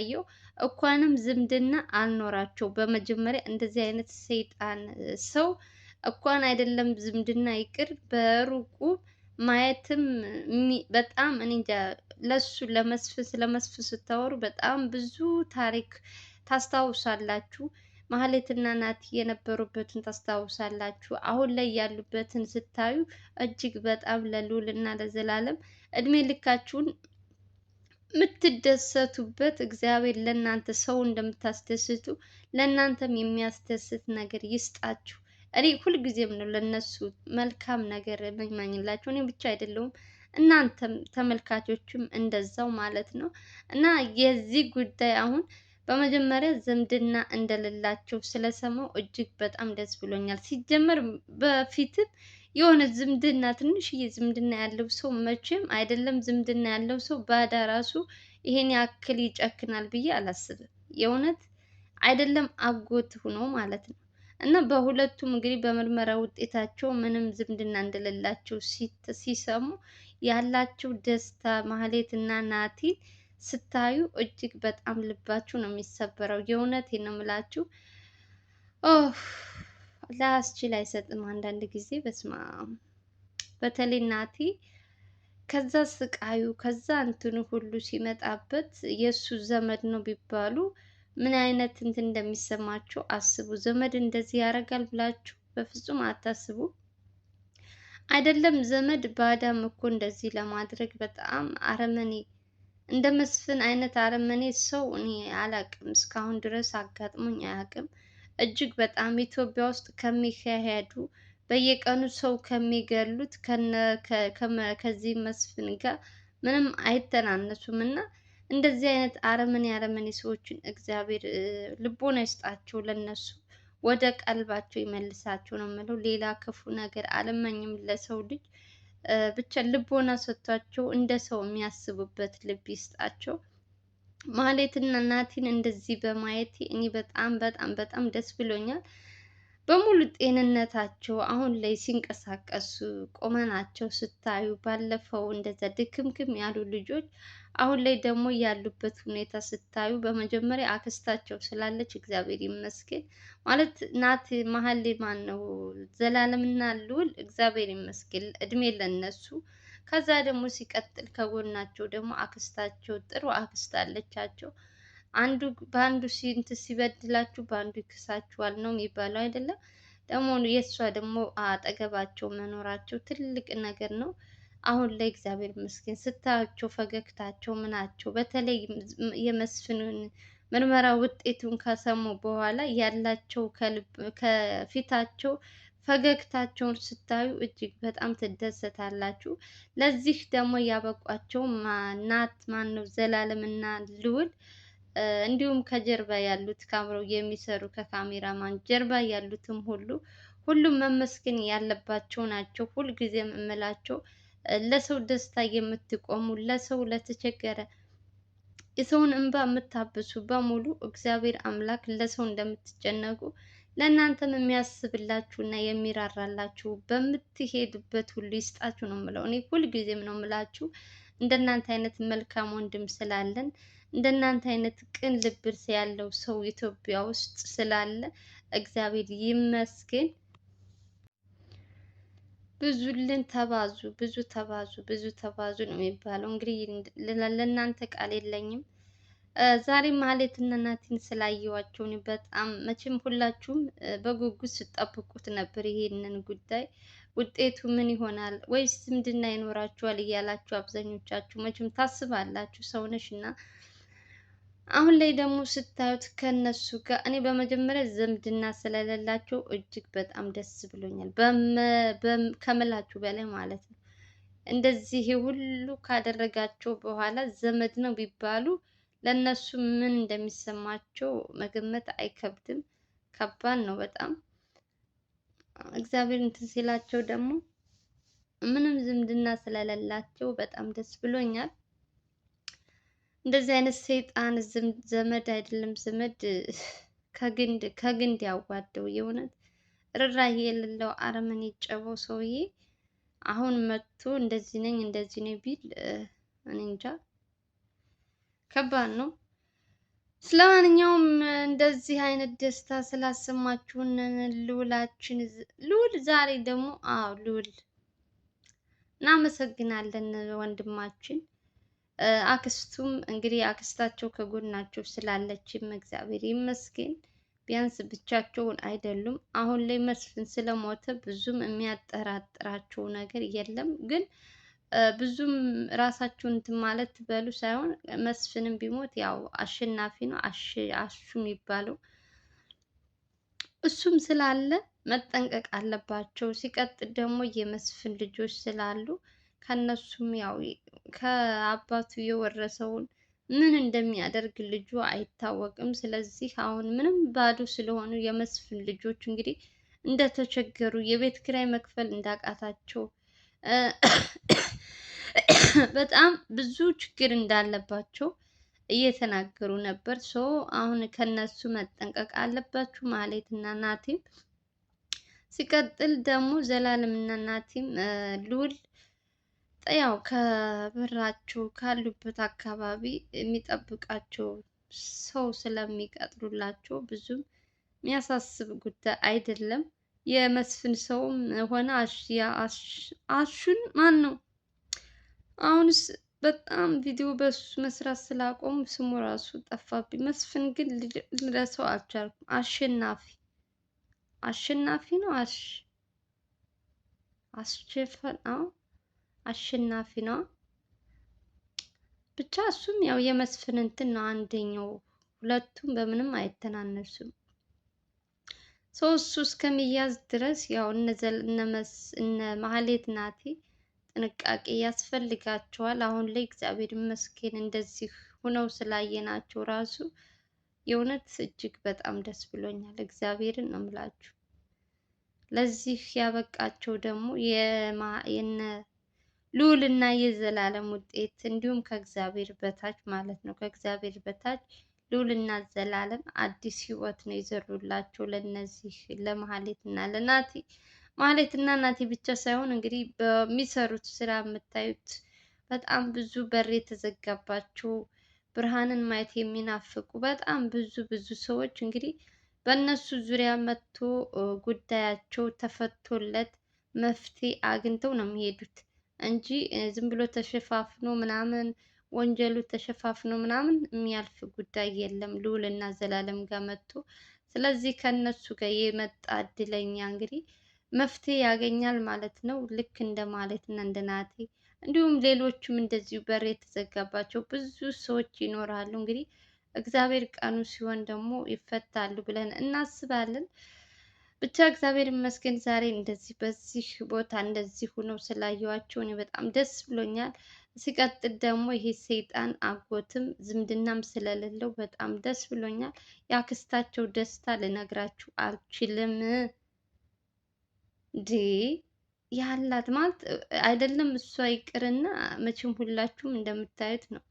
የሚያሳየው እኳንም ዝምድና አልኖራቸው። በመጀመሪያ እንደዚህ አይነት ሰይጣን ሰው እኳን አይደለም ዝምድና ይቅር በሩቁ ማየትም በጣም እኔ እንጃ። ለሱ ለመስፍን ስለመስፍን ስታወሩ በጣም ብዙ ታሪክ ታስታውሳላችሁ። ማህሌትና ናቲ የነበሩበትን ታስታውሳላችሁ። አሁን ላይ ያሉበትን ስታዩ እጅግ በጣም ለልዑል እና ለዘላለም እድሜ ልካችሁን የምትደሰቱበት እግዚአብሔር ለእናንተ ሰው እንደምታስደስቱ ለእናንተም የሚያስደስት ነገር ይስጣችሁ። እኔ ሁልጊዜም ነው ለእነሱ መልካም ነገር መኝማኝላችሁ። እኔ ብቻ አይደለሁም እናንተም ተመልካቾችም እንደዛው ማለት ነው። እና የዚህ ጉዳይ አሁን በመጀመሪያ ዝምድና እንደሌላቸው ስለሰማው እጅግ በጣም ደስ ብሎኛል። ሲጀመር በፊትም የሆነ ዝምድና ትንሽዬ ዝምድና ያለው ሰው መቼም አይደለም። ዝምድና ያለው ሰው ባዳ ራሱ ይሄን ያክል ይጨክናል ብዬ አላስብም። የእውነት አይደለም አጎት ሆኖ ማለት ነው። እና በሁለቱም እንግዲህ በምርመራ ውጤታቸው ምንም ዝምድና እንደሌላቸው ሲሰሙ ያላቸው ደስታ ማህሌት እና ናቲ ስታዩ እጅግ በጣም ልባችሁ ነው የሚሰበረው። የእውነት ነው የምላችሁ። ላያስችል አይሰጥም። አንዳንድ ጊዜ በስማ በተለይ እናቴ ከዛ ስቃዩ ከዛ እንትኑ ሁሉ ሲመጣበት የእሱ ዘመድ ነው ቢባሉ ምን አይነት እንትን እንደሚሰማቸው አስቡ። ዘመድ እንደዚህ ያደርጋል ብላችሁ በፍጹም አታስቡ። አይደለም ዘመድ ባዳም እኮ እንደዚህ ለማድረግ በጣም አረመኔ እንደ መስፍን አይነት አረመኔ ሰው እኔ አላቅም፣ እስካሁን ድረስ አጋጥሞኝ አያቅም። እጅግ በጣም ኢትዮጵያ ውስጥ ከሚካሄዱ በየቀኑ ሰው ከሚገሉት ከዚህ መስፍን ጋር ምንም አይተናነሱም እና እንደዚህ አይነት አረመኔ አረመኔ ሰዎችን እግዚአብሔር ልቦና ይስጣቸው፣ ለነሱ ወደ ቀልባቸው ይመልሳቸው ነው የምለው። ሌላ ክፉ ነገር አለመኝም ለሰው ልጅ ብቻ ልቦና ሰጥቷቸው እንደ ሰው የሚያስቡበት ልብ ይስጣቸው። ማህሌትና ናቲን እንደዚህ በማየት እኔ በጣም በጣም በጣም ደስ ብሎኛል። በሙሉ ጤንነታቸው አሁን ላይ ሲንቀሳቀሱ ቆመናቸው ስታዩ፣ ባለፈው እንደዛ ድክምክም ያሉ ልጆች አሁን ላይ ደግሞ ያሉበት ሁኔታ ስታዩ፣ በመጀመሪያ አክስታቸው ስላለች እግዚአብሔር ይመስገን ማለት ናት። መሀል ማን ነው ዘላለምና ልዑል እግዚአብሔር ይመስገን እድሜ ለነሱ ከዛ ደግሞ ሲቀጥል ከጎናቸው ደግሞ አክስታቸው ጥሩ አክስት አለቻቸው። አንዱ በአንዱ ሲንት ሲበድላችሁ በአንዱ ይክሳችኋል ነው የሚባለው አይደለም። ደግሞ የእሷ ደግሞ አጠገባቸው መኖራቸው ትልቅ ነገር ነው። አሁን ላይ እግዚአብሔር ይመስገን ስታያቸው ፈገግታቸው ምናቸው፣ በተለይ የመስፍንን ምርመራ ውጤቱን ከሰሙ በኋላ ያላቸው ከፊታቸው ፈገግታቸውን ስታዩ እጅግ በጣም ትደሰታላችሁ። ለዚህ ደግሞ ያበቋቸው ናት ማን ነው ዘላለም እና ልውል እንዲሁም ከጀርባ ያሉት አብረው የሚሰሩ ከካሜራማን ጀርባ ያሉትም ሁሉ ሁሉም መመስገን ያለባቸው ናቸው። ሁልጊዜም እምላቸው ለሰው ደስታ የምትቆሙ ለሰው ለተቸገረ የሰውን እንባ የምታብሱ በሙሉ እግዚአብሔር አምላክ ለሰው እንደምትጨነቁ ለእናንተም የሚያስብላችሁ እና የሚራራላችሁ በምትሄዱበት ሁሉ ይስጣችሁ ነው የምለው። እኔ ሁልጊዜም ነው የምላችሁ እንደናንተ አይነት መልካም ወንድም ስላለን እንደናንተ አይነት ቅን ልብ ያለው ሰው ኢትዮጵያ ውስጥ ስላለ እግዚአብሔር ይመስገን። ብዙልን ተባዙ፣ ብዙ ተባዙ፣ ብዙ ተባዙ ነው የሚባለው። እንግዲህ ለእናንተ ቃል የለኝም። ዛሬ ማህሌትና ናቲን ስላየዋቸው በጣም መቼም ሁላችሁም በጉጉት ስጠብቁት ነበር። ይሄንን ጉዳይ ውጤቱ ምን ይሆናል ወይስ ዝምድና ይኖራችኋል እያላችሁ አብዛኞቻችሁ መቼም ታስባላችሁ ሰውነሽ እና አሁን ላይ ደግሞ ስታዩት ከነሱ ጋር እኔ በመጀመሪያ ዝምድና ስለሌላቸው እጅግ በጣም ደስ ብሎኛል፣ ከምላችሁ በላይ ማለት ነው። እንደዚህ ሁሉ ካደረጋቸው በኋላ ዘመድ ነው ቢባሉ ለእነሱ ምን እንደሚሰማቸው መገመት አይከብድም። ከባድ ነው በጣም እግዚአብሔር እንትን ሲላቸው ደግሞ ምንም ዝምድና ስለሌላቸው በጣም ደስ ብሎኛል። እንደዚህ አይነት ሰይጣን ዘመድ አይደለም ዘመድ ከግንድ ከግንድ ያዋደው የእውነት ርህራሄ የሌለው አረመኔ የጨበው ሰውዬ አሁን መጥቶ እንደዚህ ነኝ እንደዚህ ነኝ ቢል እኔ እንጃ። ከባድ ነው። ስለማንኛውም እንደዚህ አይነት ደስታ ስላሰማችሁን ልውላችን ልውል ዛሬ ደግሞ አዎ ልውል እናመሰግናለን ወንድማችን። አክስቱም እንግዲህ አክስታቸው ከጎናቸው ስላለችም እግዚአብሔር ይመስገን። ቢያንስ ብቻቸውን አይደሉም። አሁን ላይ መስፍን ስለሞተ ብዙም የሚያጠራጥራቸው ነገር የለም ግን ብዙም ራሳችሁን እንትን ማለት በሉ ሳይሆን መስፍንም ቢሞት ያው አሸናፊ ነው አሹ የሚባለው እሱም ስላለ መጠንቀቅ አለባቸው። ሲቀጥል ደግሞ የመስፍን ልጆች ስላሉ ከነሱም ያው ከአባቱ የወረሰውን ምን እንደሚያደርግ ልጁ አይታወቅም። ስለዚህ አሁን ምንም ባዶ ስለሆኑ የመስፍን ልጆች እንግዲህ እንደተቸገሩ የቤት ኪራይ መክፈል እንዳቃታቸው በጣም ብዙ ችግር እንዳለባቸው እየተናገሩ ነበር። ሶ አሁን ከነሱ መጠንቀቅ አለባችሁ ማለት እና ናቲም። ሲቀጥል ደግሞ ዘላለም እና ናቲም ሉል ያው ከብራቸው ካሉበት አካባቢ የሚጠብቃቸው ሰው ስለሚቀጥሩላቸው ብዙም የሚያሳስብ ጉዳይ አይደለም። የመስፍን ሰውም ሆነ አሹን ማን ነው? አሁንስ በጣም ቪዲዮ በሱ መስራት ስላቆሙ ስሙ ራሱ ጠፋብኝ። መስፍን ግን ልረሰው አልቻልኩም። አሸናፊ አሸናፊ ነው። አሽ አስቸፈን አሸናፊ ነው። ብቻ እሱም ያው የመስፍን እንትን ነው አንደኛው። ሁለቱም በምንም አይተናነሱም። ሰው እሱ እስከሚያዝ ድረስ ያው እነ ማህሌት ናቲ ጥንቃቄ ያስፈልጋቸዋል። አሁን ላይ እግዚአብሔር ይመስገን እንደዚህ ሁነው ስላየናቸው ራሱ የእውነት እጅግ በጣም ደስ ብሎኛል። እግዚአብሔርን ነው የምላችሁ። ለዚህ ያበቃቸው ደግሞ የነ ልዑል እና የዘላለም ውጤት እንዲሁም ከእግዚአብሔር በታች ማለት ነው ከእግዚአብሔር በታች ሉልና ዘላለም አዲስ ህይወት ነው የዘሩላቸው ለነዚህ ለማህሌት እና ለናቲ። ማህሌት እና ናቲ ብቻ ሳይሆን እንግዲህ በሚሰሩት ስራ የምታዩት በጣም ብዙ በር የተዘጋባቸው ብርሃንን ማየት የሚናፍቁ በጣም ብዙ ብዙ ሰዎች እንግዲህ በእነሱ ዙሪያ መጥቶ ጉዳያቸው ተፈቶለት መፍትሄ አግኝተው ነው የሚሄዱት እንጂ ዝም ብሎ ተሸፋፍኖ ምናምን ወንጀሉ ተሸፋፍኖ ምናምን የሚያልፍ ጉዳይ የለም። ልዑል እና ዘላለም ጋር መጥቶ ስለዚህ ከነሱ ጋር የመጣ እድለኛ እንግዲህ መፍትሄ ያገኛል ማለት ነው። ልክ እንደ ማለት እና እንደ ናቴ እንዲሁም ሌሎቹም እንደዚሁ በር የተዘጋባቸው ብዙ ሰዎች ይኖራሉ። እንግዲህ እግዚአብሔር ቀኑ ሲሆን ደግሞ ይፈታሉ ብለን እናስባለን። ብቻ እግዚአብሔር ይመስገን ዛሬ እንደዚህ በዚህ ቦታ እንደዚህ ሆነው ስላየኋቸው እኔ በጣም ደስ ብሎኛል። ሲቀጥል ደግሞ ይሄ ሰይጣን አጎትም ዝምድናም ስለሌለው በጣም ደስ ብሎኛል። የአክስታቸው ደስታ ልነግራችሁ አልችልም። ዲ ያላት ማለት አይደለም እሷ ይቅርና መቼም ሁላችሁም እንደምታዩት ነው።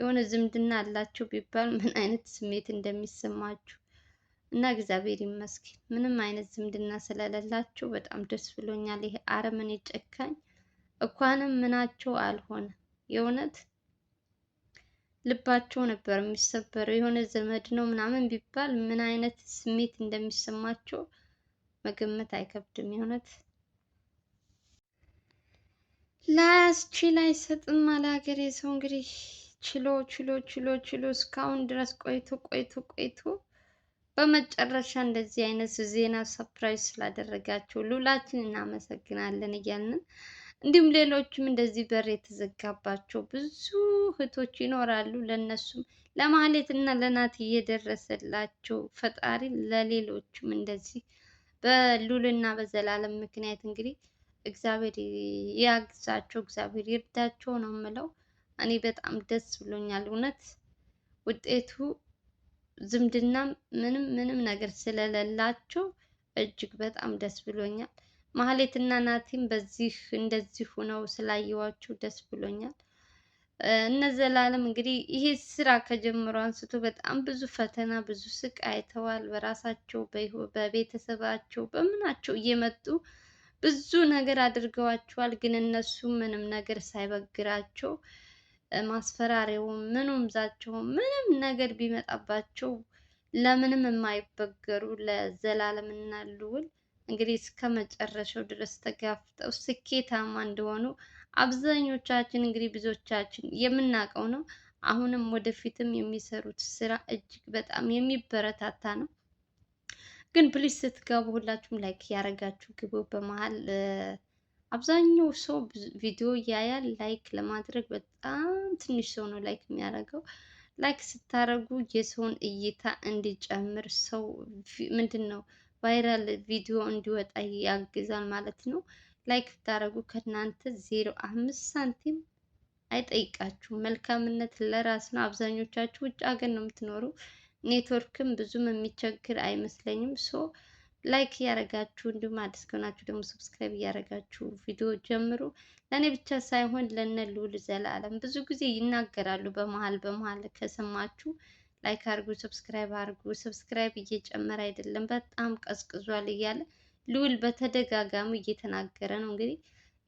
የሆነ ዝምድና አላቸው ቢባል ምን አይነት ስሜት እንደሚሰማችሁ እና እግዚአብሔር ይመስገን ምንም አይነት ዝምድና ስለሌላቸው በጣም ደስ ብሎኛል። ይሄ አረመኔ ጨካኝ እንኳንም ምናቸው አልሆነ የእውነት ልባቸው ነበር የሚሰበረው። የሆነ ዘመድ ነው ምናምን ቢባል ምን አይነት ስሜት እንደሚሰማቸው መገመት አይከብድም። የእውነት ላያስችል አይሰጥም አለ ሀገሬ ሰው እንግዲህ ችሎ ችሎ ችሎ ችሎ እስካሁን ድረስ ቆይቶ ቆይቶ ቆይቶ በመጨረሻ እንደዚህ አይነት ዜና ሰፕራይዝ ስላደረጋቸው ሉላችን እናመሰግናለን እያልን እንዲሁም ሌሎችም እንደዚህ በር የተዘጋባቸው ብዙ እህቶች ይኖራሉ። ለነሱም ለማህሌት እና ለናት እየደረሰላቸው ፈጣሪ ለሌሎችም እንደዚህ በሉልና በዘላለም ምክንያት እንግዲህ እግዚአብሔር ያግዛቸው፣ እግዚአብሔር ይርዳቸው ነው የምለው። እኔ በጣም ደስ ብሎኛል እውነት ውጤቱ ዝምድና ምንም ምንም ነገር ስለሌላቸው እጅግ በጣም ደስ ብሎኛል። ማህሌትና ናቲም በዚህ እንደዚህ ሆነው ስላየዋችሁ ደስ ብሎኛል። እነ ዘላለም እንግዲህ ይሄ ስራ ከጀመሩ አንስቶ በጣም ብዙ ፈተና፣ ብዙ ስቃይ አይተዋል። በራሳቸው በቤተሰባቸው በምናቸው እየመጡ ብዙ ነገር አድርገዋቸዋል። ግን እነሱ ምንም ነገር ሳይበግራቸው ማስፈራሪያውም ምኑም ዛቸውም ምንም ነገር ቢመጣባቸው ለምንም የማይበገሩ ለዘላለም እና ልውል እንግዲህ እስከ መጨረሻው ድረስ ተጋፍጠው ስኬታማ እንደሆኑ አብዛኞቻችን እንግዲህ ብዙዎቻችን የምናውቀው ነው። አሁንም ወደፊትም የሚሰሩት ስራ እጅግ በጣም የሚበረታታ ነው። ግን ፕሊስ ስትገቡ ሁላችሁም ላይክ ያደረጋችሁ ግቡ። በመሀል አብዛኛው ሰው ቪዲዮ ያያል። ላይክ ለማድረግ በጣም ትንሽ ሰው ነው ላይክ የሚያደርገው። ላይክ ስታደርጉ የሰውን እይታ እንዲጨምር ሰው ምንድን ነው ቫይራል ቪዲዮ እንዲወጣ ያግዛል ማለት ነው። ላይክ ብታደርጉ ከእናንተ ዜሮ አምስት ሳንቲም አይጠይቃችሁም። መልካምነት ለራስ ነው። አብዛኞቻችሁ ውጭ ሀገር ነው የምትኖሩ። ኔትወርክም ብዙም የሚቸግር አይመስለኝም። ሶ ላይክ እያደረጋችሁ እንዲሁም አዲስ ከሆናችሁ ደግሞ ሰብስክራይብ እያደረጋችሁ ቪዲዮ ጀምሩ። ለእኔ ብቻ ሳይሆን ለነ ልዑል ዘላለም ብዙ ጊዜ ይናገራሉ። በመሀል በመሀል ከሰማችሁ ላይክ አድርጉ፣ ሰብስክራይብ አርጉ ሰብስክራይብ እየጨመረ አይደለም፣ በጣም ቀዝቅዟል እያለ ልዑል በተደጋጋሚ እየተናገረ ነው። እንግዲህ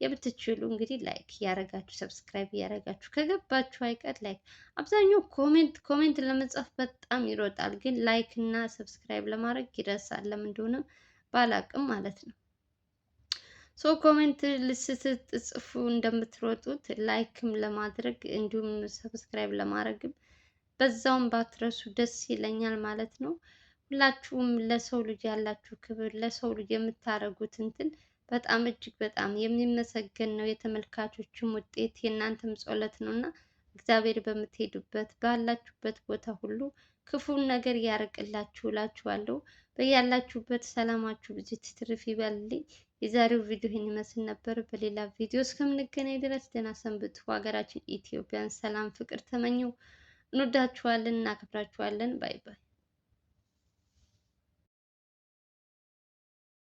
የምትችሉ እንግዲህ ላይክ እያረጋችሁ ሰብስክራይብ እያረጋችሁ ከገባችሁ አይቀር ላይክ። አብዛኛው ኮሜንት ኮሜንት ለመጻፍ በጣም ይሮጣል፣ ግን ላይክ እና ሰብስክራይብ ለማድረግ ይረሳል። ለምን እንደሆነ ባላቅም ማለት ነው። ሶ ኮሜንት ልስትጽፉ እንደምትሮጡት ላይክም ለማድረግ እንዲሁም ሰብስክራይብ ለማድረግም በዛውም ባትረሱ ደስ ይለኛል ማለት ነው። ሁላችሁም ለሰው ልጅ ያላችሁ ክብር፣ ለሰው ልጅ የምታደርጉት እንትን በጣም እጅግ በጣም የሚመሰገን ነው። የተመልካቾችም ውጤት የእናንተም ጸሎት ነው እና እግዚአብሔር በምትሄዱበት ባላችሁበት ቦታ ሁሉ ክፉን ነገር ያርቅላችሁ እላችኋለሁ። በያላችሁበት ሰላማችሁ ብዙ ትርፍ ይበልልኝ። የዛሬው ቪዲዮ ይህን ይመስል ነበር። በሌላ ቪዲዮ እስከምንገናኝ ድረስ ደህና ሰንብቱ። ሀገራችን ኢትዮጵያን ሰላም፣ ፍቅር ተመኘው። እንወዳችኋለን፣ እናከብራችኋለን። ባይ ባይ።